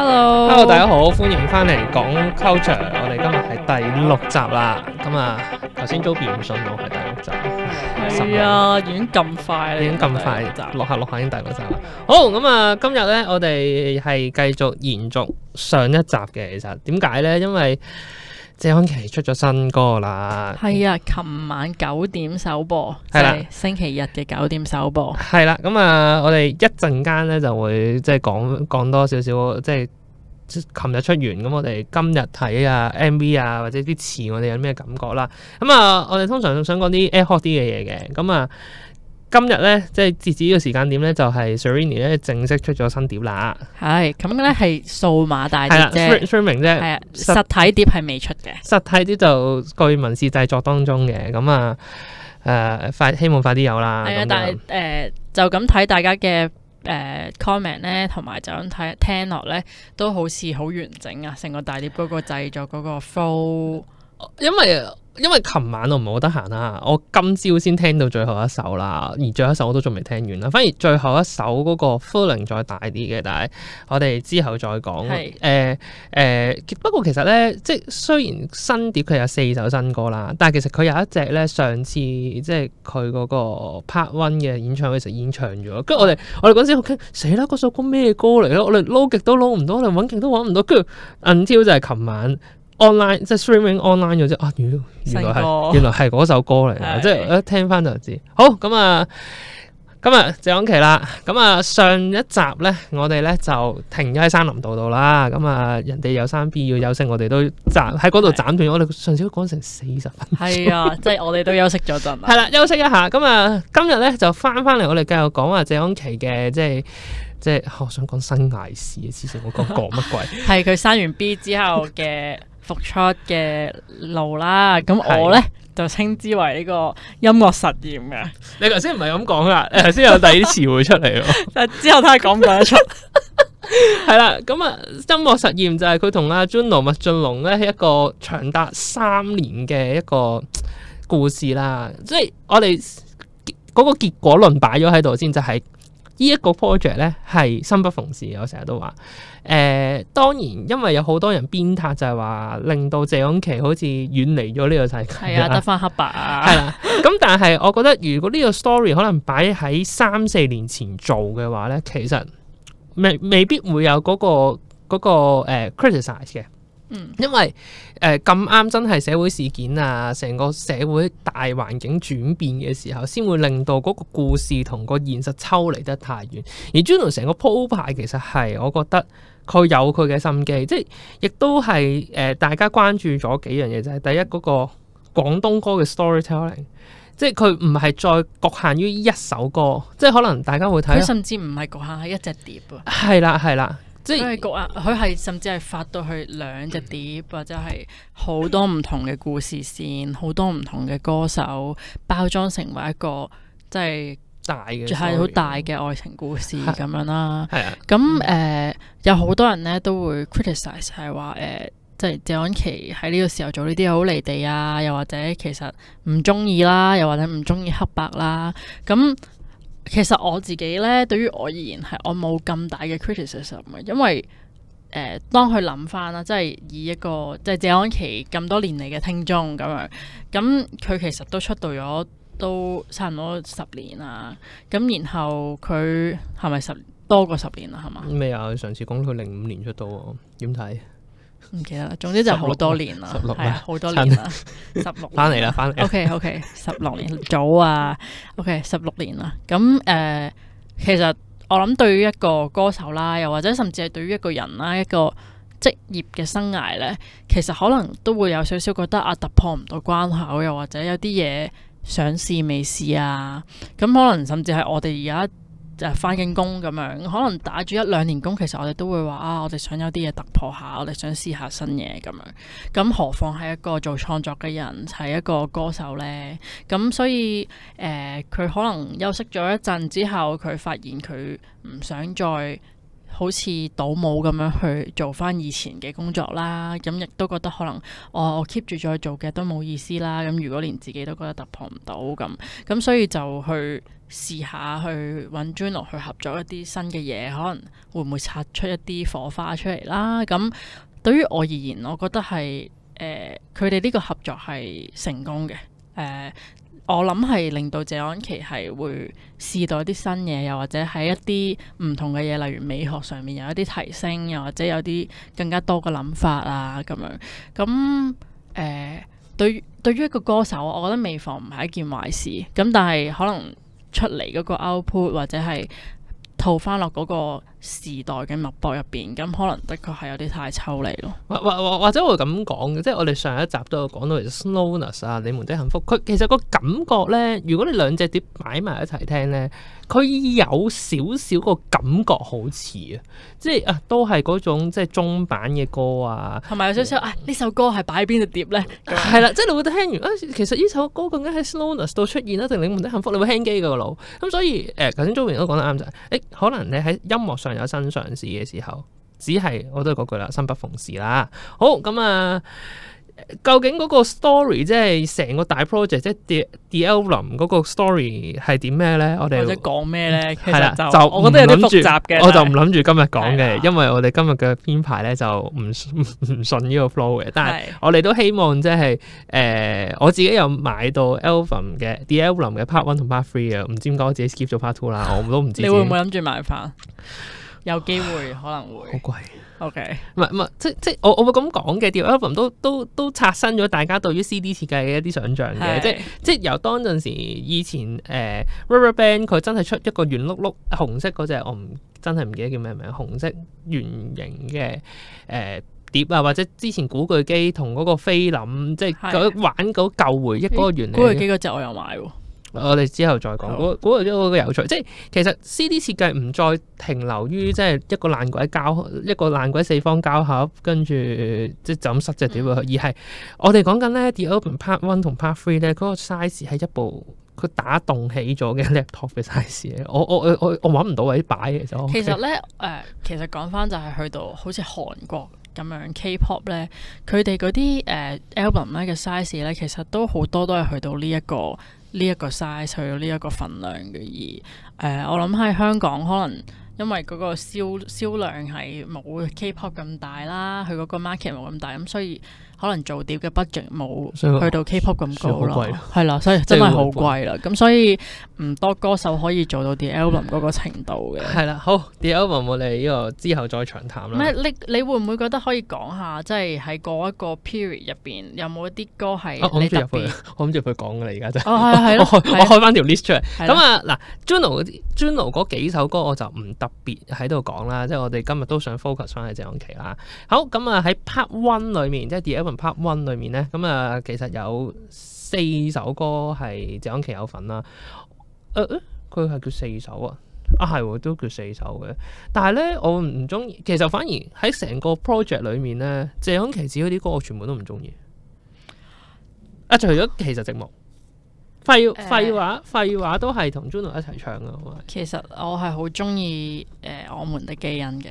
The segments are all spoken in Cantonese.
hello，hello，Hello，大家好，歡迎翻嚟講 culture，我哋今日係第六集啦，咁啊，頭先都唔順路，係第六集，係啊，已經咁快，已經咁快集，落下落下已經第六集啦。好，咁、嗯、啊，今日咧我哋係繼續延續上一集嘅。其實點解咧？因為謝安琪出咗新歌啦，係啊，琴晚九點首播，係啦的，星期日嘅九點首播，係啦，咁啊，我哋一陣間咧就會即係講講多少少，即係琴日出完，咁我哋今日睇啊 MV 啊或者啲詞，我哋有咩感覺啦？咁啊，我哋通常想講啲 ad hoc 啲嘅嘢嘅，咁啊。今日咧，即係截止呢個時間點咧，就係、是、Serrini 咧正式出咗新碟啦、嗯。係，咁咧係數碼大碟，係 streaming 啫。係啊、嗯，實體碟係未出嘅。實體碟就據文字製作當中嘅，咁、嗯、啊，誒、呃、快希望快啲有啦。係啊，但係誒、啊呃、就咁睇大家嘅誒、呃、comment 咧，同埋就咁睇聽落咧，都好似好完整啊！成個大碟嗰個製作嗰個 flow，因為。因為琴晚我唔係好得閒啦，我今朝先聽到最後一首啦，而最後一首我都仲未聽完啦。反而最後一首嗰個《Feeling》再大啲嘅，但係我哋之後再講。誒誒，不過其實咧，即係雖然新碟佢有四首新歌啦，但係其實佢有一隻咧，上次即係佢嗰個 Part One 嘅演唱會時已經唱咗。跟住我哋我哋嗰時好驚，死啦！嗰首歌咩歌嚟咯？我哋撈極都撈唔到，我哋搵極都搵唔到。跟住《Until》就係琴晚。online 即係 streaming online 咗啫啊，原來係歌原來係嗰首歌嚟，嘅的。即係一聽翻就知。好，咁啊，咁啊謝安琪啦，咁、嗯、啊、嗯、上一集咧，我哋咧就停咗喺山林道度啦。咁、嗯、啊，人哋有生 B 要休息，我哋都喺嗰度斬斷。的我哋上次都講成四十分鐘，係啊的，即係我哋都休息咗，係咪？係啦，休息一下。咁、嗯、啊，今日咧就翻翻嚟，我哋繼續講啊，謝安琪嘅，即係即係我想講生涯史啊。之前我講講乜鬼？係佢生完 B 之後嘅。 復出嘅路啦，咁我咧的就稱之為呢個音樂實驗嘅。 你頭先唔係咁講㗎？你頭先有第啲詞彙出嚟咯，之後都係講唔講得出係啦。咁啊，音樂實驗就係佢同阿 Juno 麥俊龍咧，龍呢一個長達三年嘅一個故事啦。即係我哋嗰個結果論擺咗喺度先，就係、是。呢一個 project 咧，係生不逢時。我成日都話，誒、呃、當然因為有好多人鞭撻，就係話令到謝安琪好似遠離咗呢個世界，係啊，得返黑白 啊，係啦。咁但係我覺得如果呢個 story 可能擺喺三四年前做嘅話咧，其實未未必會有嗰、嗰個嗰 criticize 嘅。嗰個呃因為誒咁啱真係社會事件啊，成個社會大環境轉變嘅時候，先會令到嗰個故事同個現實抽離得太遠。而 Juno 成個鋪排其實係，我覺得佢有佢嘅心機，即係亦都係誒、呃、大家關注咗幾樣嘢，就係第一嗰、嗰個廣東歌嘅 storytelling，即係佢唔係再局限於一首歌，即係可能大家會睇，佢甚至唔係局限喺一隻碟啊。係啦，係啦。即係佢係，佢係 甚至係發到去兩隻碟，或者係好多唔同嘅故事線，好多唔同嘅歌手包裝成為一個即係大嘅的，係好大嘅愛情故事咁對樣啦。咁誒有好多人咧都會 criticise 係話誒、呃，即係謝安琪喺呢個時候做呢啲好離地啊，又或者其實唔中意啦，又或者唔鍾意黑白啦，咁。其實我自己咧，對於我而言係我冇咁大嘅 criticism 嘅，因為誒、呃，當佢諗返啦，即係以一個即係謝安琪咁多年嚟嘅聽眾咁樣，咁佢其實都出道咗都差唔多十年啦，咁然後佢係咪十多過十年啦？係嘛？未啊！上次講佢零五年出道喎，點睇？唔記得啦，總之就好多年啦，係啊，好多年啦，十六年翻嚟啦，翻嚟。O K O K，十六年 早啊，O K，十六年啦。咁誒、呃，其實我諗，對於一個歌手啦，又或者甚至係對於一個人啦，一個職業嘅生涯呢，其實可能都會有少少覺得啊，突破唔到關口，又或者有啲嘢想試未試啊，咁可能甚至係我哋而家。就係翻緊工咁樣，可能打住一兩年工，其實我哋都會話啊，我哋想有啲嘢突破下，我哋想試下新嘢咁樣。咁何況係一個做創作嘅人，係一個歌手呢？咁所以誒，佢、呃、可能休息咗一陣之後，佢發現佢唔想再。好似倒模咁樣去做翻以前嘅工作啦，咁亦都覺得可能我 keep 住再做嘅都冇意思啦。咁如果連自己都覺得突破唔到咁，咁所以就試去試下去揾 Juno 去合作一啲新嘅嘢，可能會唔會擦出一啲火花出嚟啦？咁對於我而言，我覺得係誒佢哋呢個合作係成功嘅誒。呃我諗係令到謝安琪係會試到啲新嘢，又或者喺一啲唔同嘅嘢，例如美學上面有一啲提升，又或者有啲更加多嘅諗法啊咁樣。咁誒、呃，對於對於一個歌手，我覺得未防唔係一件壞事。咁但係可能出嚟嗰個 output 或者係套翻落嗰個。時代嘅脈搏入邊，咁可能的確係有啲太抽離咯。或或或者我會咁講嘅，即、就、係、是、我哋上一集都有講到，其實 Sloaners 啊，你們的幸福。佢其實個感覺咧，如果你兩隻碟擺埋一齊聽咧，佢有少少個感覺好似啊，即係啊，都係嗰種即係中板嘅歌啊。同埋有少少啊，呢、啊、首歌係擺邊隻碟咧？係啦、嗯，即係、就是、你會聽完其實呢首歌更加喺 Sloaners 度出現啊，定你們的幸福？你會聽機、那個腦。咁所以誒，頭先周明都講得啱就、欸、可能你喺音樂上，有新嘗試嘅時候，只係我都係嗰句啦，生不逢時啦。好咁啊、嗯，究竟嗰個 story 即係成個大 project 即係 D D L 林嗰個 story 係點咩咧？我哋講咩咧？係啦、嗯，就我覺得有啲複雜嘅，我就唔諗住今日講嘅，是因為我哋今日嘅編排咧就唔唔順呢個 flow 嘅。但係我哋都希望即係誒、呃，我自己有買到 D L 林嘅 Part One 同 Part Three 啊，唔知點解我自己 skip 咗 Part Two 啦，我唔都唔知。 你會唔會諗住買 part？有機會可能會好貴。O K，唔係唔係，即即我我會咁講嘅啲 album 都都都刷新咗大家對於 CD 設計嘅一啲想像嘅是。即即由當陣時以前誒、呃、RubberBand 佢真係出一個圓碌碌紅色嗰隻，我唔真係唔記得叫咩名，紅色圓形嘅誒、呃、碟啊，或者之前古巨基同嗰個菲林，即嗰是玩嗰舊回憶嗰個原理。古巨基嗰隻我又買喎。我哋之後再講，估估到嗰個有趣，即係其實 C D 設計唔再停留於即係一個爛鬼交一個爛鬼四方膠盒，跟住即係就咁塞隻碟咯。嗯、而係我哋講緊咧，the open part one 同 part three 咧，嗰個 size 係一部佢打洞起咗嘅 laptop 嘅 size。我我我我我搵唔到位擺嘅其實咧，誒、呃，其實講翻就係去到好似韓國咁樣 K pop 咧，佢哋嗰啲誒 album 咧嘅 size 咧，呃、其實都好多都係去到呢、這、一個。呢一個 size 去到呢一個份量嘅，而、呃、誒我諗喺香港可能因為嗰個銷銷量係冇 K-pop 咁大啦，佢嗰個 market 冇咁大，咁所以。可能做碟嘅 budget 冇去到 K-pop 咁高，好貴。係啦，所以真係好貴啦。咁所以唔多歌手可以做到啲 album 嗰個程度嘅。係啦，好啲 album 我哋呢個之後再詳談啦。咩？你你會唔會覺得可以講下，即係喺嗰一個 period 入邊有冇啲歌係你特別？我諗住佢講噶啦，而家真係。我開翻條 list 出嚟。咁啊，嗱 Juno Juno 嗰幾首歌我就唔特別喺度講啦。即係我哋今日都想 focus 翻係謝安琪啦。好，咁啊喺 Part One 裏面，即係啲 album。Pop One 裏面咧，咁啊，其實有四首歌係謝安琪有份啦。佢、呃、係叫四首啊，啊係都叫四首嘅。但係咧，我唔中意。其實反而喺成個 project 裏面咧，謝安琪自己嗰啲歌，我全部都唔中意。啊，除咗其實寂寞，廢廢話，廢話都係同 Juno 一齊唱噶其實我係好中意誒，我們的基因嘅。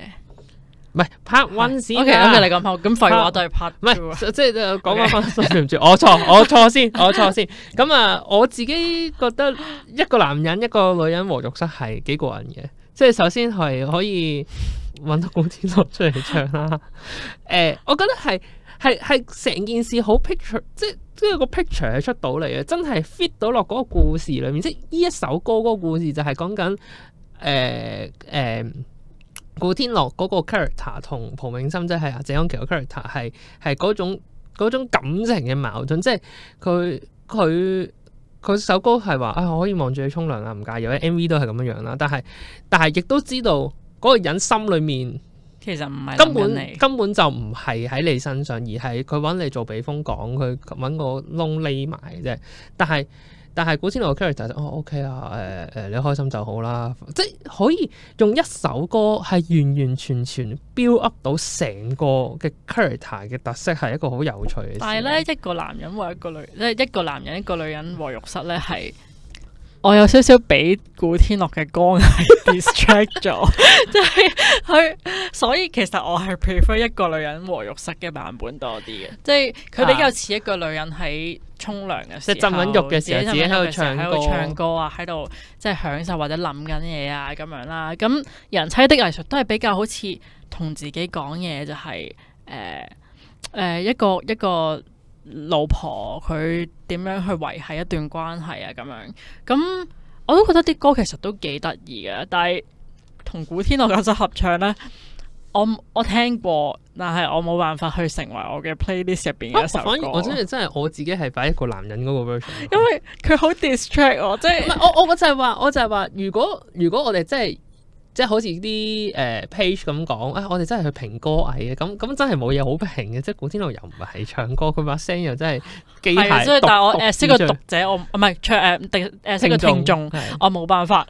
唔拍運事，O K，咁咪你咁好，咁廢、嗯 okay，話都係拍、啊、拍。唔係、哎，即係就講翻翻對唔住，我錯，我錯先，我錯先。咁啊， 我自己覺得一個男人一個女人和浴室係幾過癮嘅，即係首先係可以搵到古天樂出嚟唱啦。誒、 嗯，我覺得係係係成件事好 picture，即係即係個 picture 係出到嚟嘅，真係 fit 到落嗰個故事裏面。即係呢一首歌嗰個故事就係講緊誒誒。欸欸欸古天樂嗰個 character 同蒲明心即係謝安琪個 character 係係嗰種種感情嘅矛盾，即係佢佢佢首歌係話啊，我可以望住你沖涼啊，唔介意。嗯、M.V 都係咁樣樣啦，但係但係亦都知道嗰個人心裏面其實唔係根本根本就唔係喺你身上，而係佢揾你做避風港，佢揾個窿匿埋啫。但係。但係古天樂個 character 就哦 OK 啦，誒誒你開心就好啦，即係可以用一首歌係完完全全 build up 到成個嘅 character 嘅特色係一個好有趣嘅。但係咧一個男人和一個女，即係一個男人一個女人和浴室咧係。我有少少俾古天樂嘅歌係 distract 咗，即係佢，所以其實我係 prefer 一個女人和浴室嘅版本多啲嘅，即係佢比較似一個女人喺沖涼嘅，即係浸緊浴嘅時候，自己喺度唱喺度唱歌啊，喺度即係享受或者諗緊嘢啊，咁樣啦。咁人妻的藝術都係比較好似同自己講嘢，就係，誒誒一個一個。老婆佢點樣去維繫一段關係啊？咁樣咁我都覺得啲歌其實都幾得意嘅，但係同古天樂有首合唱呢，我我聽過，但係我冇辦法去成為我嘅 playlist 入邊嘅一首歌。啊、我，反而我真係真係我自己係擺一個男人嗰個 version，因為佢好 distract 我，即係唔係 我我我就係話我就係話如果如果我哋真係。即係好似啲誒 page 咁講，啊我哋真係去評歌藝嘅，咁咁真係冇嘢好評嘅。即係古天樂又唔係唱歌，佢把聲又真係幾係獨特嘅。所以但係我誒識個讀者，我唔係唱唔定誒識個聽眾中我冇辦法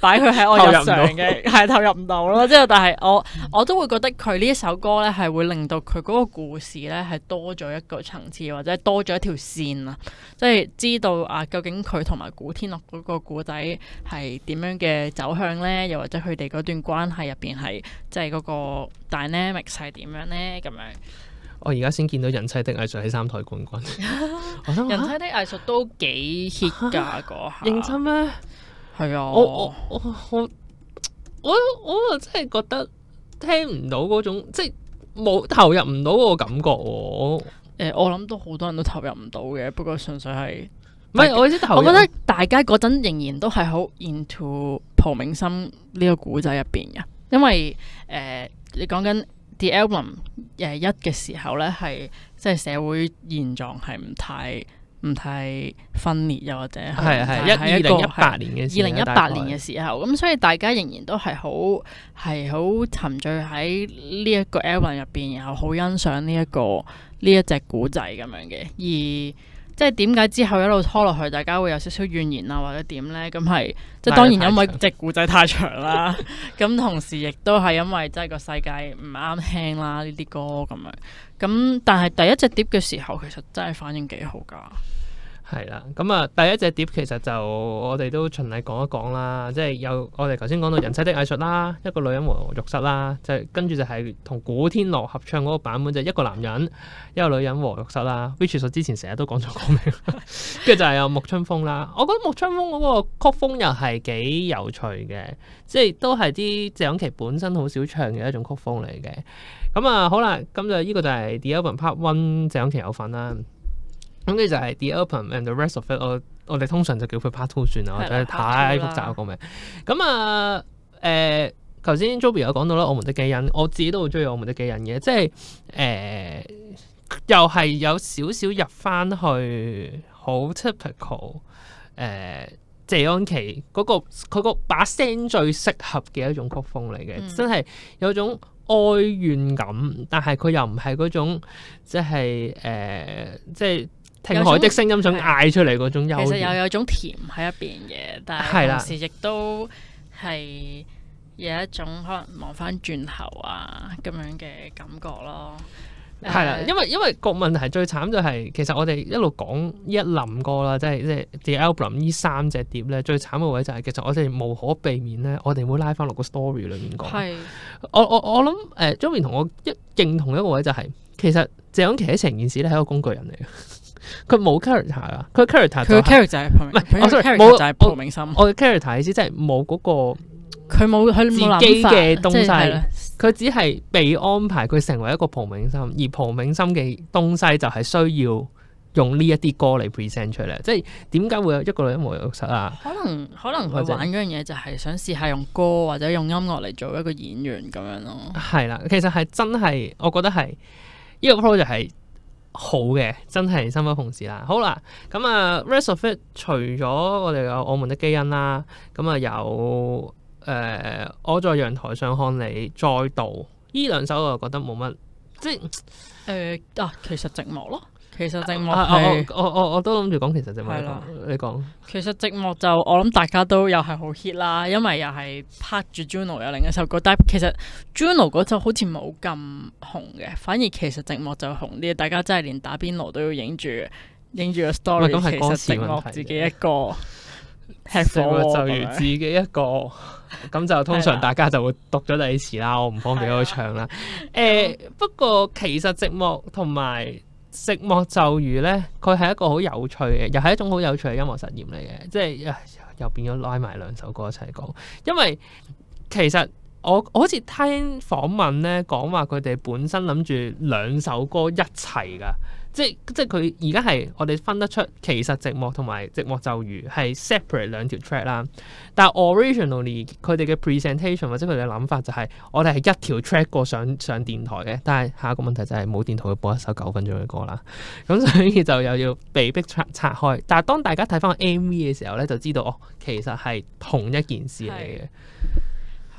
擺佢喺我日常嘅，係投入唔到咯。即係 但係我我都會覺得佢呢一首歌咧係會令到佢嗰個故事咧係多咗一個層次，或者多咗一條線啊！即係知道啊究竟佢同埋古天樂嗰個古仔係點樣嘅走向咧？又或者佢哋。嗰段關係入邊係，即係嗰個 dynamic 係點樣咧？咁樣，我而家先見到人妻的藝術喺三台冠軍， 人妻的藝術都幾 hit 噶嗰下，啊、認真咩？係啊，我我我我我我，我真係覺得聽唔到嗰種，即係冇投入唔到個感覺喎。誒、呃，我諗都好多人都投入唔到嘅，不過純粹係，唔係是我知。我覺得大家嗰陣仍然都係好 into。何銘心呢個古仔入邊嘅，因為誒、呃、你講緊 The Album 誒一嘅時候呢，係即係社會現狀係唔太唔太分裂又或者係係係一二零一八年嘅二零一八年嘅時候，咁大概 所以大家仍然都係好係好沉醉喺呢一個 Album 入邊，然後好欣賞呢、這、一個呢一隻古仔咁樣嘅，而。即係點解之後一路拖落去，大家會有少少怨言啊，或者點呢？咁係即係當然，因為隻古仔太長啦。咁 同時亦都係因為真係個世界唔啱聽啦呢啲歌咁樣。咁但係第一隻碟嘅時候，其實真係反應幾好噶。係啦，咁啊、嗯，第一隻碟其實就我哋都循例講一講啦，即係有我哋頭先講到《人妻的藝術》啦，一個女人和浴室啦，即、就、係、是、跟住就係同古天樂合唱嗰個版本，就是、一個男人一個女人和浴室啦。which 所 之前成日都講錯歌名，跟住 就係有沐春風啦。我覺得沐春風嗰個曲風又係幾有趣嘅，即係都係啲謝安琪本身好少唱嘅一種曲風嚟嘅。咁、嗯、啊、嗯，好啦，咁就呢個就係 The Album Part One 謝安琪有份啦。咁你就係 the open and the rest of it，我我哋通常就叫佢 part two 算啦，的太複雜嗰個名。咁了啊，誒頭先 Joby 有講到啦，我們的基因，我自己都好中意我們的基因嘅，即係誒、呃、又係有少少入翻去好 typical 誒、呃、謝安琪嗰、那個佢個把聲最適合嘅一種曲風嚟嘅，嗯、真係有種哀怨感，但係佢又唔係嗰種即係誒、呃、即係。聽海的聲音想嗌出嚟嗰種憂，其實又有，有種甜喺一邊嘅，的但係同時亦都係有一種可能望翻轉頭啊咁樣嘅感覺咯。係啦的、呃，因為因為個問題最慘就係，其實我哋一路講一冧歌啦，嗯、即係即係 The Album 呢三隻碟咧，最慘嘅位就係、是，其實我哋無可避免咧的，我哋會拉翻落個 story 裏面講。係，我、呃、我我諗誒，Joey 同我一認同一個位就係、是，其實謝安琪喺成件事咧係一個工具人嚟嘅。佢冇 character 啊！佢 character 佢 character 就係唔係？就是，蒲明心。哦、sorry, 我 character 意思即係冇嗰個，佢冇佢自己嘅東西佢，就是，只係被安排佢成為一個蒲明心，就是，而蒲明心嘅東西就係需要用呢一啲歌嚟 present 出嚟。即係點解會有一個女音樂人室啊可？可能可能佢玩嗰樣嘢就係想試下用歌或者用音樂嚟做一個演員咁樣咯。係啦，其實係真係，我覺得係呢、這個 project 就係。好嘅，真係生不逢時啦。好啦，咁啊，rest of it 除咗我哋有我們的基因啦，咁、嗯、啊有誒、呃，我在陽台上看你再度呢兩首我就覺得冇乜，即係誒、呃、啊，其實寂寞咯。其實寂寞、啊、我我我，我都諗住講，其實寂寞。係啦、嗯，你講。其實寂寞就我諗，大家都又係好 hit 啦，因為又係拍住 Juno 有另一首歌，但係其實 Juno 嗰首好似冇咁紅嘅，反而其實寂寞就紅啲，大家真係連打邊爐都要影住影住個 story。咁係歌詞問題。自己一個吃火就如自己一個，咁就通常大家就會讀咗第二次啦，我唔方便去唱啦。誒、嗯 欸，不過其實寂寞同埋。寂寞就如咧，佢係一個好有趣嘅，又係一種好有趣嘅音樂實驗嚟嘅，即係又變咗拉埋兩首歌一齊講，因為其實我，我好似聽訪問咧，講話佢哋本身諗住兩首歌一齊㗎。即即佢而家係我哋分得出，其實寂寞同埋寂寞咒語係 separate 兩條 track 啦。但 originally 佢哋嘅 presentation 或者佢哋嘅諗法就係我哋係一條 track 過上上電台嘅。但係下一個問題就係冇電台會播一首九分鐘嘅歌啦。咁所以就又要被逼拆拆開。但係當大家睇翻 MV 嘅時候咧，就知道哦，其實係同一件事嚟嘅。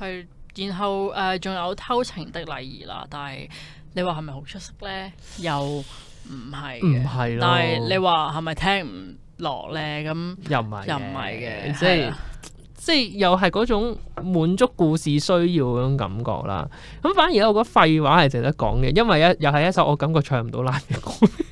係。然後誒，仲、呃、有偷情的禮儀啦。但係你話係咪好出色咧？又唔係，唔係咯。但係你話係咪聽唔落咧？咁又唔係，又唔係嘅，即係是的即係又係嗰種滿足故事需要嗰種感覺啦。咁反而咧，我覺得廢話係值得講嘅，因為一又係一首我感覺唱唔到 live 嘅，歌。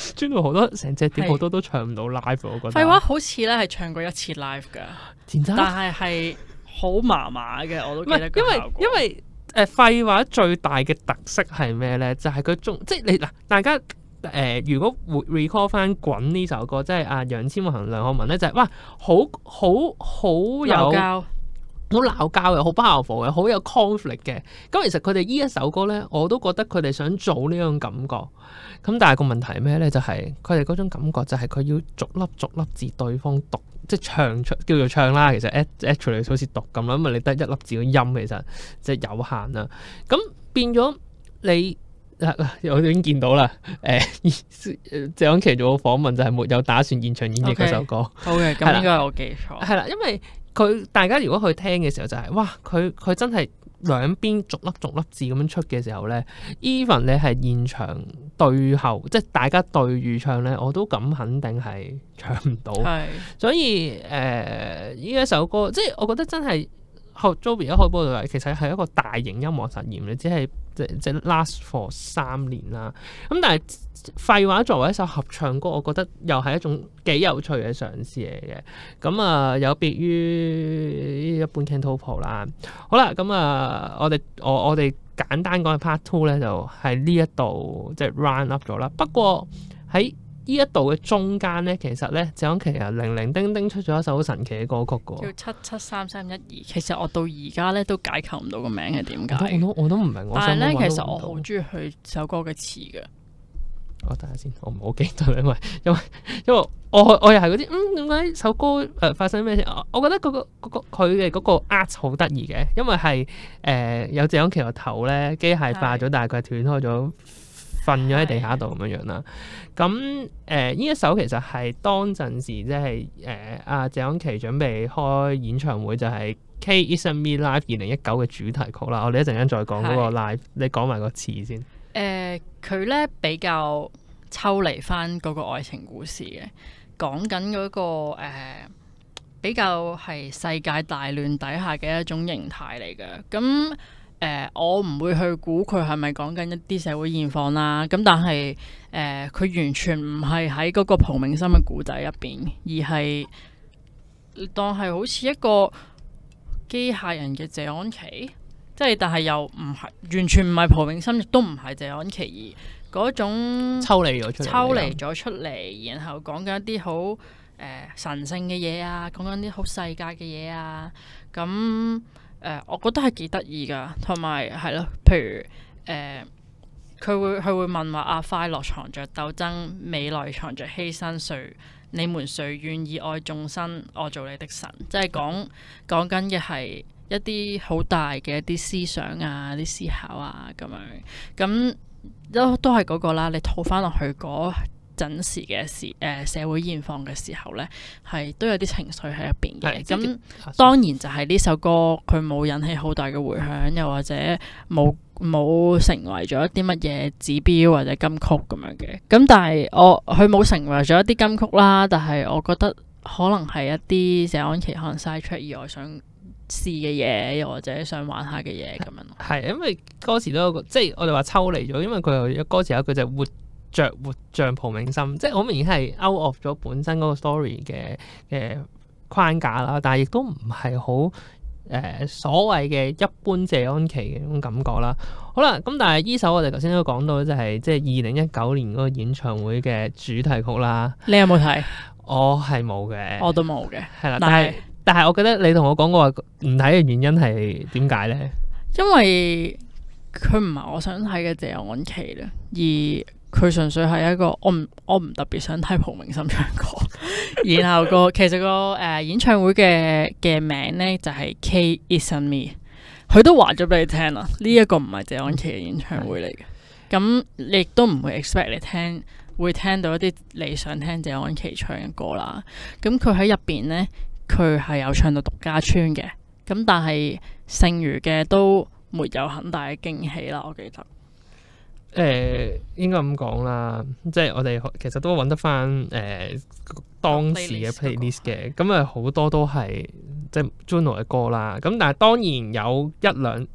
專到好多成隻碟好多都唱唔到 live。的我覺得廢話好似咧係唱過一次 live 噶，實但係係好麻麻嘅，我都記得個效果。因為因為誒廢話最大嘅特色係咩咧？就係、是、佢中即係你嗱，大家誒、呃，如果 recall 翻《滾》呢首歌，即係、啊、阿楊千嬅同梁漢文咧，就係、是、哇，好好好有，架好鬧交又好 battleful 嘅，好有 conflict 嘅。咁其實佢哋依一首歌咧，我都覺得佢哋想做呢種感覺，咁但係個問題係咩咧？就係佢哋嗰種感覺就係佢要逐粒逐粒字對方讀。即係唱出叫做唱啦，其實 actually 好似讀咁啦，因為你得一粒字嘅音，其實即係有限啦。咁變咗你，我已經見到啦。誒、哎，鄭安琪做訪問就係沒有打算現場演繹嗰首歌。好嘅，咁應該我記錯。係啦，啦，因為佢大家如果去聽嘅時候就係、是，哇！佢佢真係。兩邊逐粒逐粒字咁樣出嘅時候呢 even 你係現場對後，即係大家對住唱呢，我都敢肯定係唱唔到。係所以誒，呢、呃、一首歌，即係我覺得真係。Joey 一開波就話，其實係一個大型音樂實驗，你只係即即 last for 三年啦。咁但係廢話，作為一首合唱歌，我覺得又係一種幾有趣嘅嘗試嚟嘅。咁啊，有別於一般 Cantopop 啦。好啦，咁啊，我哋我我哋簡單講下 part two 咧，就喺、是、呢一度即 round up 咗啦。不過喺呢一度嘅中間咧，其實咧謝安琪啊零零丁丁出咗一首好神奇嘅歌曲嘅，叫七七三三一二。其實我到而家咧都解構唔到個名係點解，我都我都唔明。但係咧，找找其實我好中意佢首歌嘅詞嘅。我等下先，我唔好記得，因為因為因為我我又係嗰啲嗯，點解首歌誒、呃、發生咩事？我我覺得嗰個、嗰個佢嘅嗰個 art 好得意嘅，因為係誒、呃、有謝安琪個頭咧機械化咗，大係佢斷開咗。瞓咗喺地下度咁樣樣啦，咁誒呢一首其實係當陣時即係誒阿謝安琪準備開演唱會就係、是、Kiss Me Live 二零一九嘅主題曲啦，我哋一陣間再講嗰個 live，的你講埋個詞先。誒、呃，佢咧比較抽離翻嗰個愛情故事嘅，講緊嗰個、呃、比較係世界大亂底下嘅一種形態嚟嘅，咁。誒、呃，我唔會去估佢係咪講緊一啲社會現況啦。咁但係，誒、呃，佢完全唔係喺嗰個蒲明心嘅故仔入邊，而係當係好似一個機械人嘅謝安琪，即係但係又唔係，完全唔係蒲明心，亦都唔係謝安琪，而嗰種抽離咗抽離咗出嚟，樣然後講緊一啲好誒神聖嘅嘢啊，講緊啲好世界嘅嘢啊，咁。誒、呃，我覺得係幾得意噶，同埋係咯，譬如誒，佢、呃、會佢會問話啊，阿快樂藏着鬥爭，未來藏着犧牲，誰你們誰願意愛眾生？我做你的神，即係講講緊嘅係一啲好大嘅一啲思想啊，啲思考啊，咁樣咁都都係嗰個啦，你套翻落去嗰、那個。準時嘅時，誒、呃，社會現況嘅時候呢，係都有啲情緒喺入邊嘅。咁、嗯、當然就係呢首歌，佢冇引起好大嘅回響，又或者冇冇成為咗一啲乜嘢指標或者金曲咁樣嘅。咁但係我佢冇成為咗一啲金曲啦，但係我覺得可能係一啲謝安琪可能晒出意外想試嘅嘢，又或者想玩下嘅嘢咁樣。係、嗯，因為歌詞都有個，即係我哋話抽離咗，因為佢有歌詞有一句就活。着活像蒲明心即係我，明顯係 out of 咗本身嗰個 story 嘅嘅框架啦，但係亦都唔係好誒所謂嘅一般謝安琪嘅種感覺啦。好啦，咁但係呢首我哋頭先都講到就係即係二零一九年嗰個演唱會嘅主題曲啦。你有冇睇？我係冇嘅，我都冇嘅係啦。的但係是但係，我覺得你同我講過唔睇嘅原因係點解咧？因為佢唔係我想睇嘅謝安琪咧，而。佢純粹係一個我唔我唔特別想睇蒲明心唱歌， 然後，那個其實個誒演唱會嘅嘅名呢，就係 K Is On Me，佢都話咗俾你聽啦，呢、這、一個唔係謝安琪嘅演唱會嚟嘅，咁你亦都唔會 expect 你聽會聽到一啲你想聽謝安琪唱嘅歌啦，咁佢喺入邊呢，佢係有唱到獨家村嘅，咁但係剩餘嘅都沒有很大嘅驚喜啦，我記得。誒、呃、應該咁講啦，即係我哋其實都揾得返誒、呃、當時嘅 playlist 嘅，咁啊好多都係即係 Juno 嘅歌啦，咁但係當然有一兩。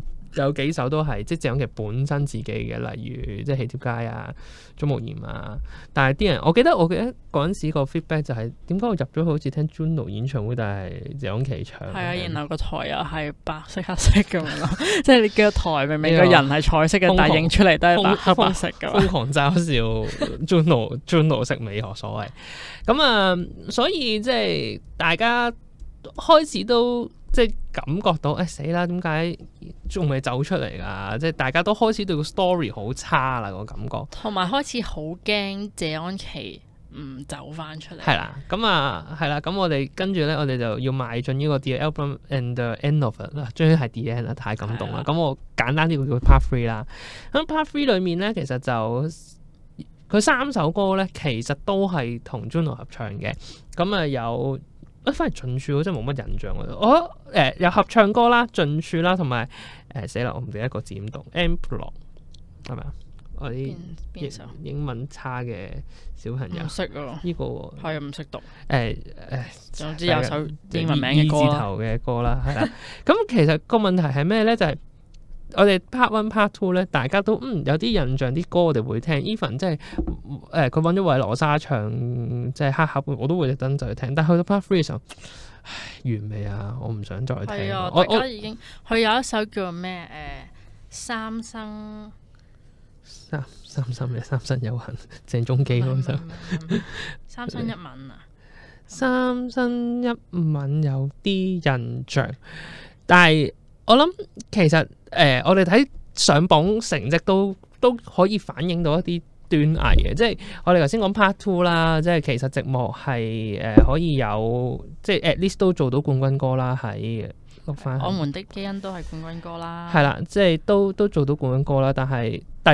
有幾首都係即係謝安琪本身自己嘅，例如即係喜帖街啊、鍾無豔啊。但係啲人，我記得我記得嗰陣時個 feedback 就係點解我入咗好似聽 Juno 演唱會，但係謝安琪唱。係啊，然後個台又係白色黑色咁樣咯， 即係你個台明明個人係彩色嘅，但係影出嚟都係白黑色嘅。瘋狂嘲笑， Juno Juno 式美學何所謂？咁啊，所以即係 大家開始都。即係感覺到誒死啦，點解仲未走出嚟㗎？即係大家都開始對個 story 好差啦個感覺，同埋開始好驚謝安琪唔走返出嚟。係啦，咁啊係啦，咁我哋跟住咧，我哋就要買進呢個 the album and the end of it 啦，終於係 the end 啦，太感動啦。咁的我簡單啲叫做 part three 啦。咁 part three 裏面咧，其實就佢三首歌咧，其實都係同 Juno 合唱嘅。咁啊有。啊，反而《盡處》我真係冇乜印象啊！我、哎、誒有合唱歌啦，《盡處》啦、哎，同埋誒寫落我唔記得一個字點讀，哪《Amplor》係咪啊？我啲英文差嘅小朋友唔識啊！呢個係唔識讀誒誒，哎哎、總之有首英文名嘅字頭嘅歌啦。咁 其實個問題係咩咧？就係、是。我哋 part one part two 咧，大家都嗯有啲印象，啲歌我哋會聽。even 即係誒，佢揾咗位羅莎唱，呃、即係黑盒，我都會特登就去聽。但去到 part three 嘅時候，唉，完美啊！我唔想再聽。係啊，我大家已經佢有一首叫咩誒、呃、三生三三生咩？三生有幸，鄭中基嗰首。三生一吻啊！三生一吻有啲印象，但係。我諗其實誒、呃，我哋睇上榜成績都都可以反映到一啲端倪嘅，即係我哋頭先講 Part Two 啦，即係其實寂寞係誒可以有即係 at least 都做到冠軍歌啦，喺錄翻我們的基因都係冠軍歌啦，係啦，即係都都做到冠軍歌啦，但係第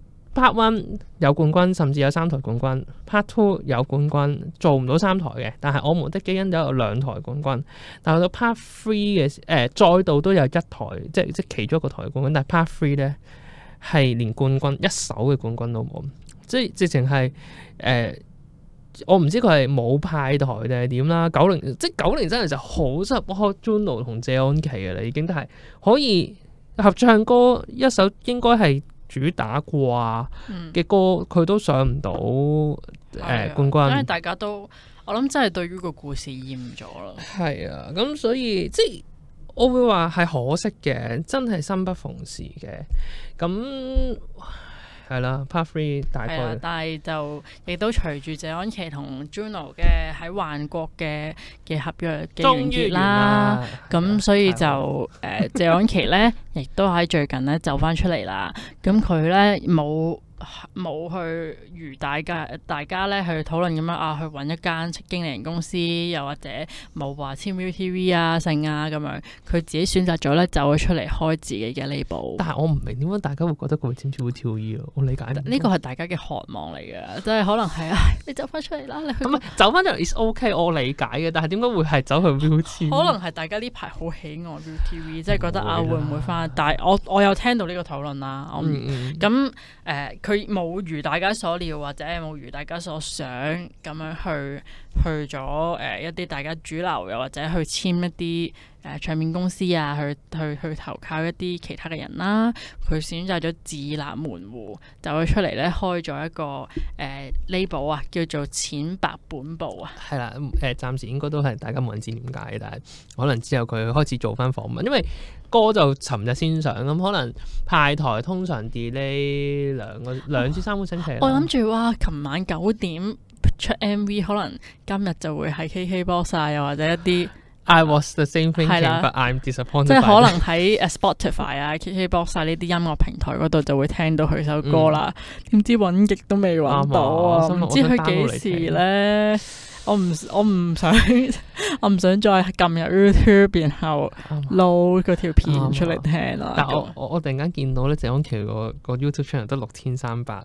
二。Part one 有冠軍，甚至有三台冠軍。Part two 有冠軍，做唔到三台嘅。但係我們的，的基因都有兩台冠軍。但係到 Part three 嘅，誒、呃、再度都有一台，即係即係其中一個台冠軍。但係 Part three 咧係連冠軍一手嘅冠軍都冇，即係直情係誒，我唔知佢係冇派台定係點啦。九零即係九零真係就好適合 Juno 同謝安琪嘅啦，已經都係可以合唱歌一首，應該係。主打掛嘅歌，佢、嗯、都上唔到誒冠軍，因為大家都我諗真係對於個故事厭咗啦。係啊，咁所以 即係我會話係可惜嘅，真係生不逢時嘅咁。係啦，Part Three 大概。但係就亦都隨住謝安琪同 Juno 嘅喺環國嘅嘅合約嘅完結啦。咁所以就誒、呃、謝安琪咧，亦 都喺最近咧走翻出嚟啦。咁佢咧冇。冇去如大家大家咧去討論咁樣啊，去揾一間經理人公司，又或者冇話簽 VTV 啊，剩啊咁樣，佢自己選擇咗咧走出嚟開自己嘅呢部。但係我唔明點解大家會覺得佢會簽 VTV 啊？我理解呢個係大家嘅渴望嚟嘅，即係可能係啊，你走翻出嚟啦，咁走翻出嚟 is O K，我理解嘅。但係點解會係走去 VTV？可能係大家呢排好喜愛 VTV，TV, 了即係覺得啊，會唔會翻？但係我我有聽到呢個討論啦，咁誒佢。嗯嗯嗯冇如大家所料，或者冇如大家所想咁樣去去咗誒，一啲大家主流又或者去簽一啲誒唱片公司啊，去去去投靠一啲其他嘅人啦。佢選擇咗自立門戶，就會出嚟咧開咗一個誒、呃、label 啊，叫做淺白本部啊。係啦，誒、呃，暫時應該都係大家冇人知點解，但係可能之後佢開始做翻訪問，因為。歌就尋日先上，咁可能派台通常 delay 兩個兩至三個星期。Oh，我諗住哇，琴晚九點出 MV，可能今日就會喺 KK Box，又或者一啲 I was the same thing，但係 I'm disappointed。yeah, by that. 即係可能喺 Spotify 啊、KK Box 呢啲音樂平台嗰度就會聽到佢首歌啦。點、嗯、知揾極都未揾到啊！唔、嗯、知佢幾時咧？我唔我唔想 我唔想再撳入 YouTube，然後撈嗰條片出嚟聽啦、啊啊啊。但我我我突然間見到咧，鄭安琪個 YouTube channel 得六千三百，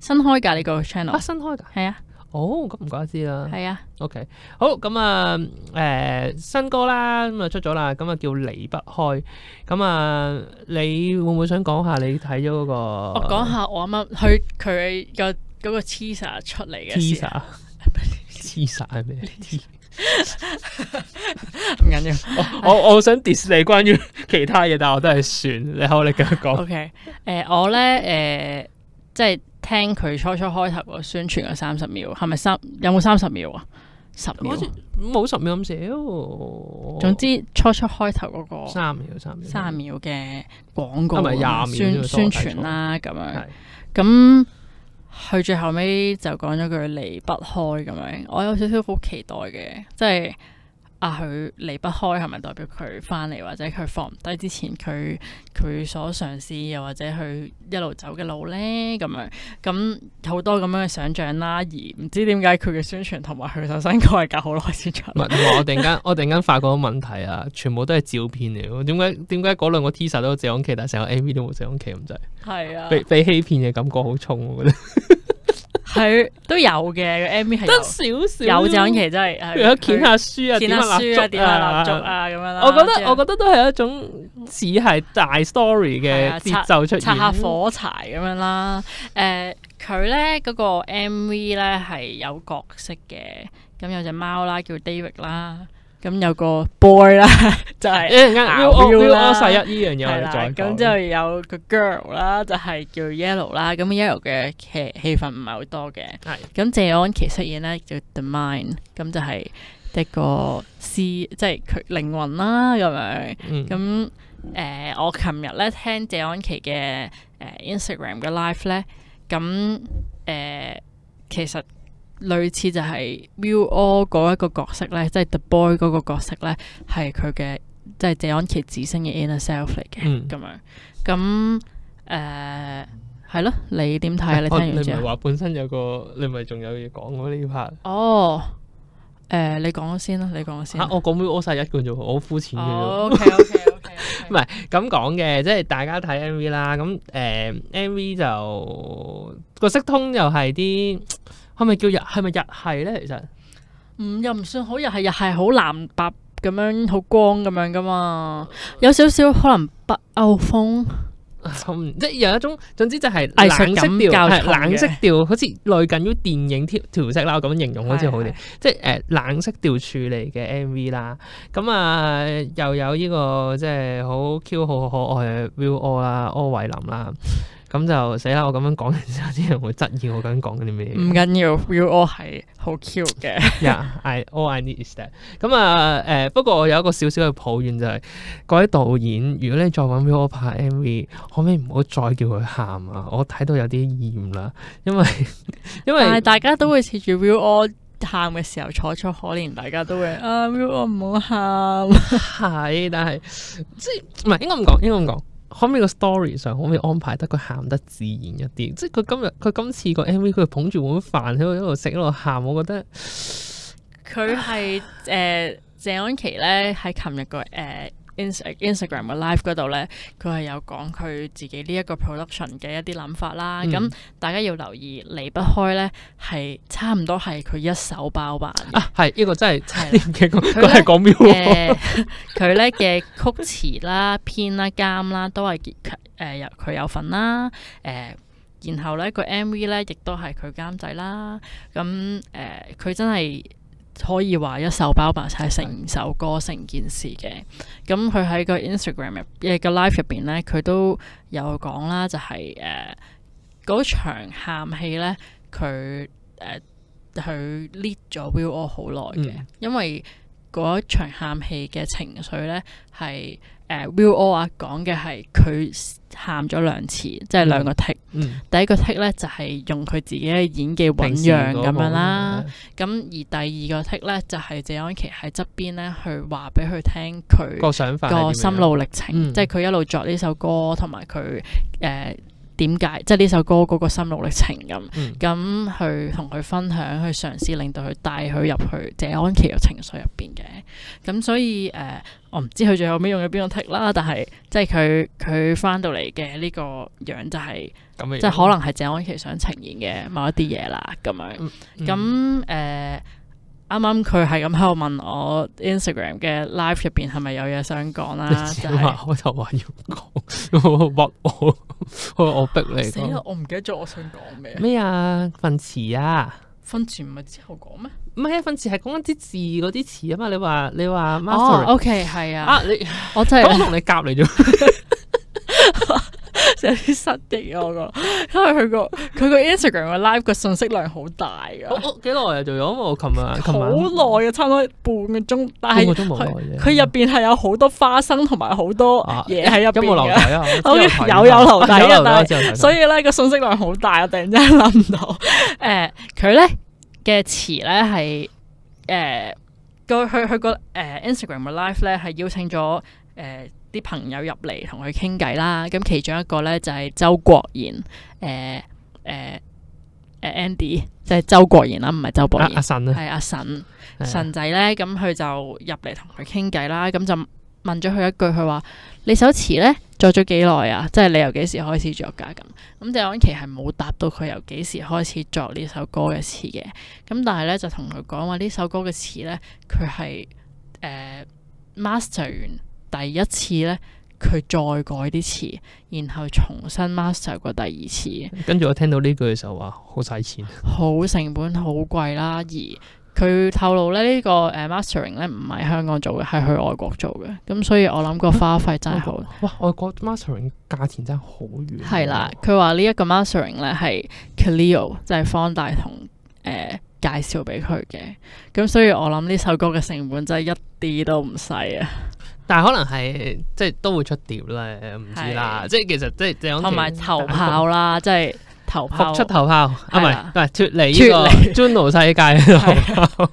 新開噶你個 channel 啊，新開噶係啊。哦，咁唔怪之啦。係啊。OK，好咁啊，誒、呃、新歌啦，咁啊出咗啦，咁啊叫離不開。咁啊，你會唔會想講下你睇咗嗰個？我講下我啱啱去佢個嗰個 teaser 出嚟嘅事。黐晒係咩？唔緊要，我我我想 diss 你關於其他嘢，但係我都係算。你可你繼續講。OK，誒，我咧誒、呃，即係聽佢初初開頭個宣傳嘅三十秒，係咪三有冇三十秒，秒，秒啊？十秒好似冇十秒咁少。總之初初開頭嗰個三十秒，三十秒嘅廣告，唔係廿秒，秒宣宣傳啦，咁樣咁。是佢最後尾就講咗句離不開咁樣，我有少少好期待嘅，即係。啊！佢離不開係咪代表佢翻嚟，或者佢放唔低之前佢佢所嘗試，又或者佢一路走嘅路咧？咁樣咁好多咁樣嘅想像啦。而唔知點解佢嘅宣傳同埋佢首新歌係隔好耐先出。唔係我突然間 我突然間發覺個問題啊！全部都係照片嚟，點解點解嗰兩個 T-shirt 都謝安琪，但成個 MV 都冇謝安琪咁滯？係是啊被，被被欺騙嘅感覺好重，我覺得。 佢都有嘅，個 M V 係得少少，有張其真係、就是，如果捲下書啊，點下蠟燭啊，咁樣啦、啊。我覺得後我覺得都係一種只係大 story 嘅節奏出嚟，擦、啊、下火柴咁樣啦。誒、呃，佢咧嗰個 M V 咧係有角色嘅，咁有隻貓啦，叫 David 啦。咁、嗯、有個 boy 啦，就係、是，咁就、哎啊啊喔哦啊啊啊嗯、有個 girl ellow, ellow，啦，ine，就係叫 yellow 啦。咁 yellow 嘅戲戲份唔係好多嘅。係。咁謝安琪飾演咧叫 the mind，咁就係一個思，即係佢靈魂啦咁樣。咁誒、呃，我琴日咧聽謝安琪嘅誒 Instagram 嘅 live 咧，咁、呃、誒其實。類似就係 View All 嗰一個角色咧，即係 The Boy 嗰個角色咧，係佢嘅，即係謝安琪自身嘅 inner self 嚟嘅，咁、嗯、樣咁誒係咯。你點睇，你聽完知啊？你咪話本身有個，你咪仲有嘢講嗰呢 part 哦？誒、呃，你講先啦，你講先、啊、我講 View All 晒一個啫，好膚淺嘅。O K O K O K，唔係咁講嘅，即係大家睇 M V 啦。咁誒、呃、，M V 就個色通又係啲。係咪叫日？係咪日系咧？其實，唔，又唔算好日系，日系好藍白咁樣，好光咁樣噶嘛，有少少可能北歐風，嗯、即係有一種，總之就係冷色調，係冷色調，好似類近於電影調色啦，咁形容好似好啲，唉唉即係誒、欸、冷色調處理嘅 M V 啦，咁、嗯、啊、嗯、又有呢、這個即係好 Q 好可愛嘅 Bill All 啦，All 偉林啦。咁就死啦！我咁樣講完之後，啲人會質疑我咁樣講啲咩？唔緊要，Will I 係好 cute 嘅。Yeah，I all I need is that。 咁啊，誒，不過我有一個少少嘅抱怨就係、是，各位導演，如果你再搵 Will I 拍 MV，可唔可以唔好再叫佢喊啊？我睇到有啲厭啦，因為因為大家都會切住 Will I 喊嘅時候，楚楚可憐，大家都會啊 Will I 唔好喊。係， 但係即係唔係應該唔講，應該咁講。可唔可以個 story 上可唔可以安排得佢喊得自然一啲？即係佢今日佢今次個 MV 佢捧住碗飯喺度一路食一路喊，我覺得佢係誒謝安琪咧喺琴日個誒，呃 Instagram 嘅 live 嗰度呢，佢係有講佢自己呢一個 production 嘅一啲諗法啦。咁、嗯、大家要留意，離不開呢係差唔多係佢一手包辦啊。係呢、這個真係，係佢係講秒。佢呢嘅、呃、曲詞啦、編啦、監啦，都係佢、呃、有份啦。誒、呃，然後呢，個 MV 呢亦都係佢監製啦。咁誒，佢、呃、真係。可以話一手包辦晒成首歌成件事嘅，咁佢喺個 Instagram 入嘅 live 入邊咧，佢都有講啦、就係，就係誒嗰場喊戲呢，佢誒佢 lead 咗 Will all 好耐嘅，因為嗰場喊戲嘅情緒呢係。誒、uh, Will O 啊講嘅係佢喊咗兩次，嗯、即係兩個剔、嗯。i 第一個剔 i 咧就係用佢自己嘅演技醞釀咁樣啦，咁、那個、而第二個剔 i 咧就係謝安琪喺側邊咧去話俾佢聽佢個想法、個心路歷程，嗯嗯、即係佢一路作呢首歌同埋佢誒。點解即係呢首歌嗰個心路歷程咁咁、嗯、去同佢分享，去嘗試令到佢帶佢入去謝安琪嘅情緒入邊嘅咁，所以誒，我唔知佢最後尾用咗邊個 take 啦，但係即係佢佢返到嚟嘅呢個樣就係即係可能係謝安琪想呈現嘅某一啲嘢啦咁樣咁誒。啱啱佢係咁喺度問我 Instagram 嘅 live 入邊係咪有嘢想講啦？就是、我就話要講，屈 我，我逼你。啊、死啦！我唔記得咗我想講咩？咩啊？訓詞啊？訓詞唔係之後講咩？唔係啊！訓詞係講嗰啲字嗰啲詞啊嘛？你話你話 OK 係啊。啊你我真係我同你夾嚟咗。成日啲失憶啊！我覺得，因為佢個佢個 Instagram 嘅 live 嘅信息量好大噶。我幾耐又做咗，我琴日琴好耐啊，差唔多半個鐘。但係佢佢入邊係有好多花生同埋、啊、 好多嘢喺入邊噶。有留留 有留底啊！所以咧個信息量好大。我突然之間諗唔到，誒、呃，佢咧嘅詞咧係誒，佢、呃、佢佢個誒 Instagram 嘅 live 咧係邀請咗誒。呃啲朋友入嚟同佢傾偈啦，咁其中一個咧就係周國賢，誒、呃、誒、呃、Andy，即係周國賢啦，唔係周柏賢，阿、啊、神啦、啊，係阿、啊、神神仔咧，咁佢就入嚟同佢傾偈啦，咁就問咗佢一句，佢話：你首詞咧作咗幾耐啊？即係你由幾時開始作噶？咁咁謝安琪係冇答到佢由幾時開始作呢首歌嘅詞嘅，咁但係咧就同佢講話呢首歌嘅詞咧，佢係誒 master 完。第一次呢，佢再改啲詞，然後重新 master 過第二次。跟住我聽到呢句嘅時候，話好使錢，好成本好貴啦。而佢透露咧，呢個誒 mastering 呢唔係香港做嘅，係去外國做嘅。咁所以我諗個花費真係好、啊、哇。外國 mastering 價錢真係好遠、啊。係啦，佢話呢一個 mastering 呢係 Cleo 即係方大同、呃、介紹俾佢嘅。咁所以我諗呢首歌嘅成本真係一啲都唔細啊。但可能係即係都會出碟啦，唔知啦。是即係其實即係同埋投炮啦，即係投炮出投炮啊，唔係唔係脫離呢個尊離 奴世界咁、啊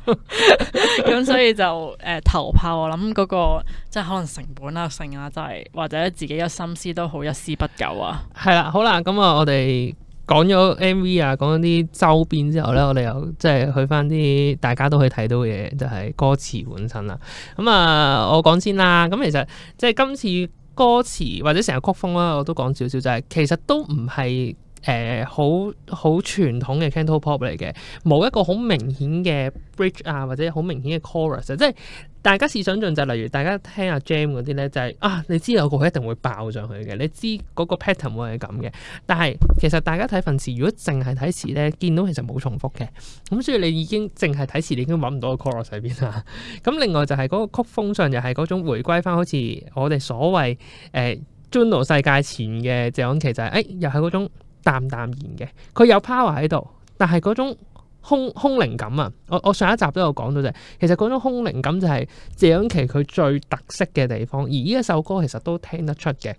嗯、所以就誒、呃、投炮，我諗嗰、那個即係可能成本啦、啊、性啦，就係或者自己嘅心思都好一絲不苟啊。係啦、啊，好啦，咁、嗯、啊，我、嗯、哋。嗯講咗 MV 啊，講咗啲周邊之後咧，嗯、我哋又即係去翻啲大家都可以睇到嘅，嘢，就係、是、歌詞本身啦。咁、嗯、啊，我講先啦。咁其實即係今次歌詞或者成日曲風啦，我都講少少、就是，就係其實都唔係。誒、呃、好好傳統嘅 canto pop 嚟嘅，冇一個好明顯嘅 bridge 啊，或者好明顯嘅 chorus、啊、即係大家試想像就是、例如大家聽阿 Jam 嗰啲咧，就係、是、啊，你知有個一定會爆上去嘅，你知嗰個 pattern 會係咁嘅。但係其實大家睇份詞，如果淨係睇詞咧，見到其實冇重複嘅，咁所以你已經淨係睇詞，你已經揾唔到個 chorus 喺邊啦。咁 另外就係嗰個曲風上又係嗰種回歸翻好似我哋所謂誒、呃、Juno 世界前嘅謝安琪就係、是，誒、哎、又係嗰種。淡淡然嘅，佢有 power 喺度，但係嗰種空空靈感啊，我我上一集都有講到啫，其實嗰種空靈感就係謝安琪佢最特色嘅地方，而呢一首歌其實都聽得出嘅。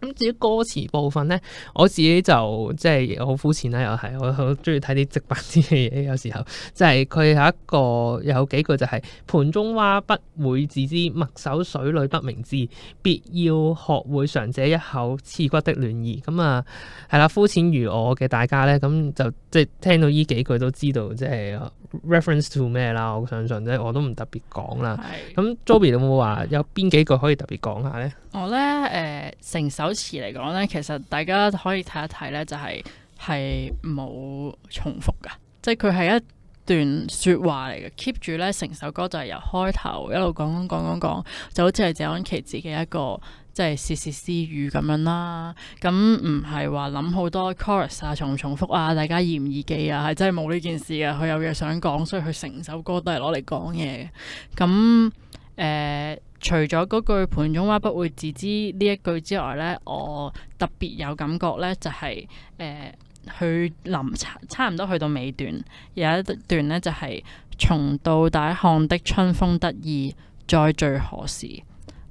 咁至於歌詞部分咧，我自己就即係好膚淺啦、啊，又係我好中意睇啲直白啲嘅嘢，有時候即係佢有一個有幾句就係、是、盤中蛙不會自知，墨守水裏不明知，必要學會常者一口刺骨的暖意。咁啊，係啦，膚淺如我嘅大家咧，咁就即係聽到呢幾句都知道即係。reference to 咩啦？我相信啫，我都唔特別講啦。咁是 Joby 有冇話有邊幾個可以特別講下咧？我咧誒、呃，成首詞嚟講咧，其實大家可以睇一睇咧、就係，就係係冇重複噶，即係佢係一。段説話嚟嘅，keep 住咧成首歌就係由開頭一路講講講講講，就好似係謝安琪自己一個即係竊竊私語咁樣啦。咁唔係話諗好多 chorus 啊重唔重複啊，大家易唔易記啊，係真係冇呢件事啊。佢有嘢想講，所以佢成首歌都係攞嚟講嘢嘅。咁誒、呃，除咗嗰句盤中花不會自知呢一句之外呢，我特別有感覺呢就係、是、誒。呃去臨，差唔多去到尾段，有一段呢就係、是、從到大漢的春風得意，再最何時？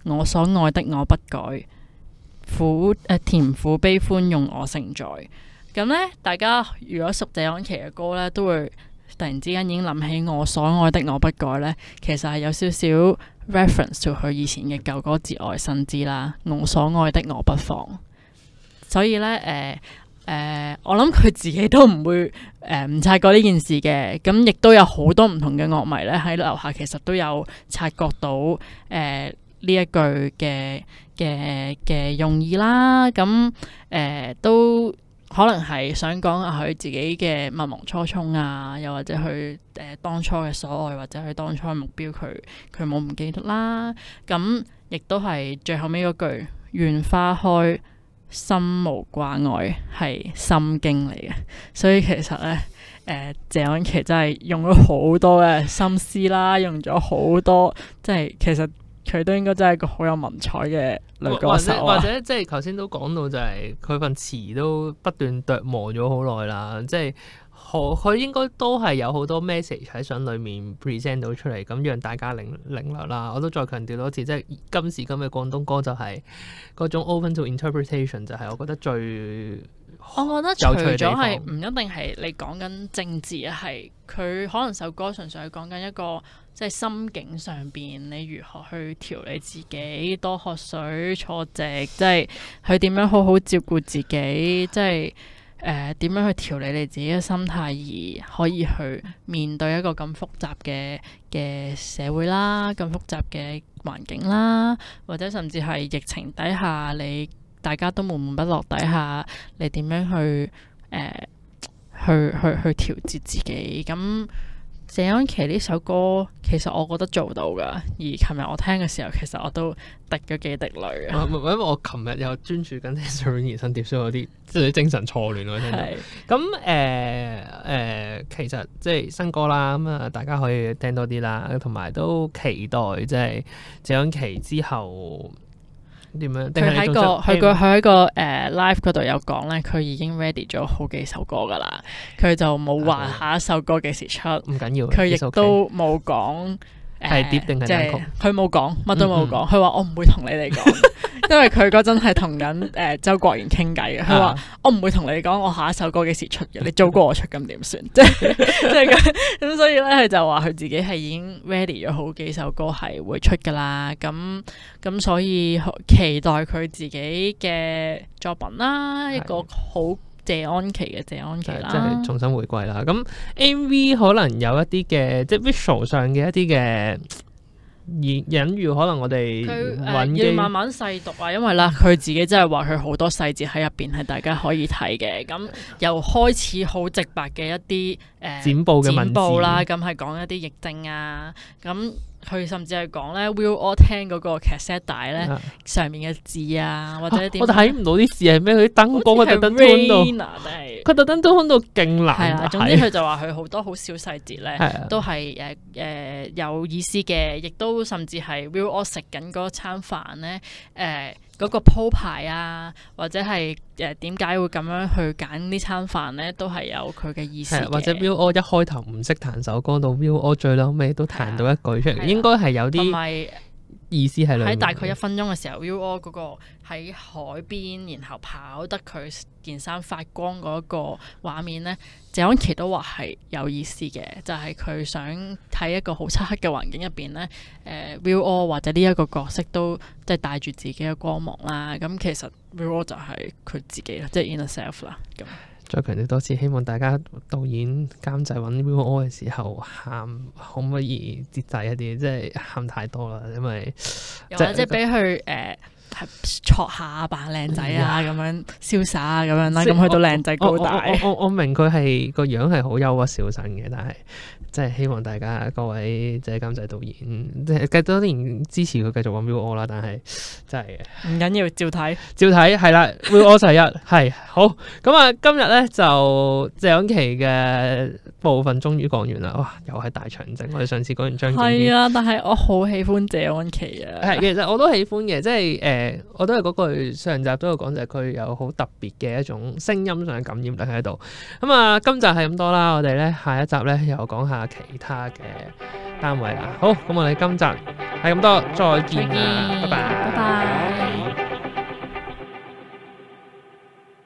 我所愛的我不改，苦誒甜苦悲歡用我承載。咁呢，大家如果熟謝安琪嘅歌呢，都會突然之間已經諗起我所愛的我不改呢。其實係有少少 reference 到佢以前嘅舊歌外《節外生枝》啦，《我所愛的我不放》。所以呢，誒、呃。誒、呃，我諗佢自己都唔會誒唔、呃、察覺呢件事嘅，咁亦都有好多唔同嘅樂迷咧喺樓下，其實都有察覺到誒呢、呃、一句嘅嘅嘅用意啦。咁、呃、誒都可能係想講下佢自己嘅勿忘初衷啊，又或者佢誒當初嘅所愛，或者佢當初嘅目標，佢佢冇唔記得啦。咁、嗯、亦都係最後尾嗰句，願花開。心無掛礙係心經嚟嘅，所以其實咧，誒、呃、謝安琪真係用咗好多嘅心思啦，用咗好多即係其實佢都應該真係一個好有文采嘅女歌手。或者，或者即係頭先都講到就係、是、佢份詞都不斷琢磨咗好耐啦，即係。我佢、哦、應該都係有好多 message 喺相裏面 present 到出嚟，咁讓大家領領略啦。我都再強調多次，即係今時今日廣東歌就係、是、嗰種 open to interpretation，就係我覺得最有趣地方，我覺得除咗係唔一定係你講緊政治，係佢可能首歌純粹係講緊一個即係、就是、心境上邊，你如何去調理自己，多喝水、坐直，即係佢點樣好好照顧自己，即係。誒、呃、點樣去調理你自己嘅心態，而可以去面對一個咁複雜嘅嘅社會啦，咁複雜嘅環境啦，或者甚至係疫情底下你大家都悶悶不樂底下，你點樣去誒、呃、去去去、去調節自己咁？謝安琪呢首歌，其實我覺得做到㗎。而琴日我聽嘅時候，其實我都滴咗幾滴淚。唔係，唔係，因為我琴日又專注 聽 Sunny 新碟所嗰啲，即係啲精神錯亂咯。咁誒誒，其實即係新歌啦，咁啊，大家可以聽多啲啦，同埋都期待即係謝安琪之後。佢喺個佢 個佢喺 個誒 live 嗰度有講咧，佢、呃、 已經 ready 咗好幾首歌噶啦，佢就冇話下一首歌幾時出，唔緊要，佢亦都冇講。係碟定係單曲？佢冇講，乜、嗯、都冇講。佢話、嗯、我唔會同你哋講， 因為佢嗰陣係同緊誒周國賢傾偈嘅。佢話 我唔會同你講，我下一首歌幾時出嘅？ 你早過我出咁點算？即係即係咁，所以咧佢就話佢自己係已經 ready 咗好幾首歌係會出噶啦。咁咁，所以好期待佢自己嘅作品啦， 一個好。謝安琪嘅謝安琪啦，即係重新回歸啦。咁 MV 可能有一啲嘅，即係 visual 上嘅一啲嘅隱喻，可能我哋、呃、要慢慢細讀啊。因為啦，佢自己真係話佢好多細節喺入邊係大家可以睇嘅。咁又開始好直白嘅一啲誒，呃、展布嘅文字報啦，咁係講一啲疫症啊，咁。佢甚至係講咧，Will all 聽嗰個 cassette 帶咧，啊、上面嘅字啊，或者點，啊啊？我睇唔到啲字係咩？佢啲燈光佢特登佢特登都攤到勁難，啊。係啦，啊，總之佢就話佢好多好小細節咧，啊、都係誒誒有意思嘅，亦都甚至係 Will all 食緊嗰餐飯咧誒。呃嗰個鋪排啊，或者係誒點解會咁樣去揀呢餐飯咧，都係有佢嘅意思，或者 Bill 我一開頭唔識彈首歌，到 Bill 我最嬲尾都彈到一句出嚟，的應該係有啲。意思係喺大概一分鐘嘅時候，Will a l 嗰個喺海邊，然後跑得佢件衫發光嗰個畫面呢，謝安琪都話係有意思嘅，就係、是、佢想睇一個好漆黑嘅環境入邊呢誒 Will a l 或者呢一個角色都即係帶住自己嘅光芒啦。咁其實 Will a l 就係佢自己啦，即係 inner self 啦咁。嗯再強調多次，希望大家導演監製揾 vivo 嘅時候喊，可唔可以節制一啲，即係喊太多啦，因為有即係俾佢誒。就是係下扮靚仔啊，咁樣瀟灑咁樣啦，咁去到靚仔高大。我我，我，我，我明佢係個樣係好憂鬱小生嘅，但係即係希望大家各位仔金仔導演即係咁多年支持佢繼續搵 V O 啦，但係真係唔緊要，照睇，照睇係啦，V O 成日係好咁啊！今日咧，就謝安琪嘅部分終於講完啦。哇，又係大長征，我哋上次講完張。係啊，但係我好喜歡謝安琪啊。係， 其實我都喜歡嘅，即係誒。呃我都係嗰句，上集都有講就係佢有好特別嘅一種聲音上嘅感染力喺度。咁啊，今集係咁多啦，我哋咧下一集咧又講下其他嘅單位啦。好，咁我哋今集係咁多，再見啦，拜拜，拜拜。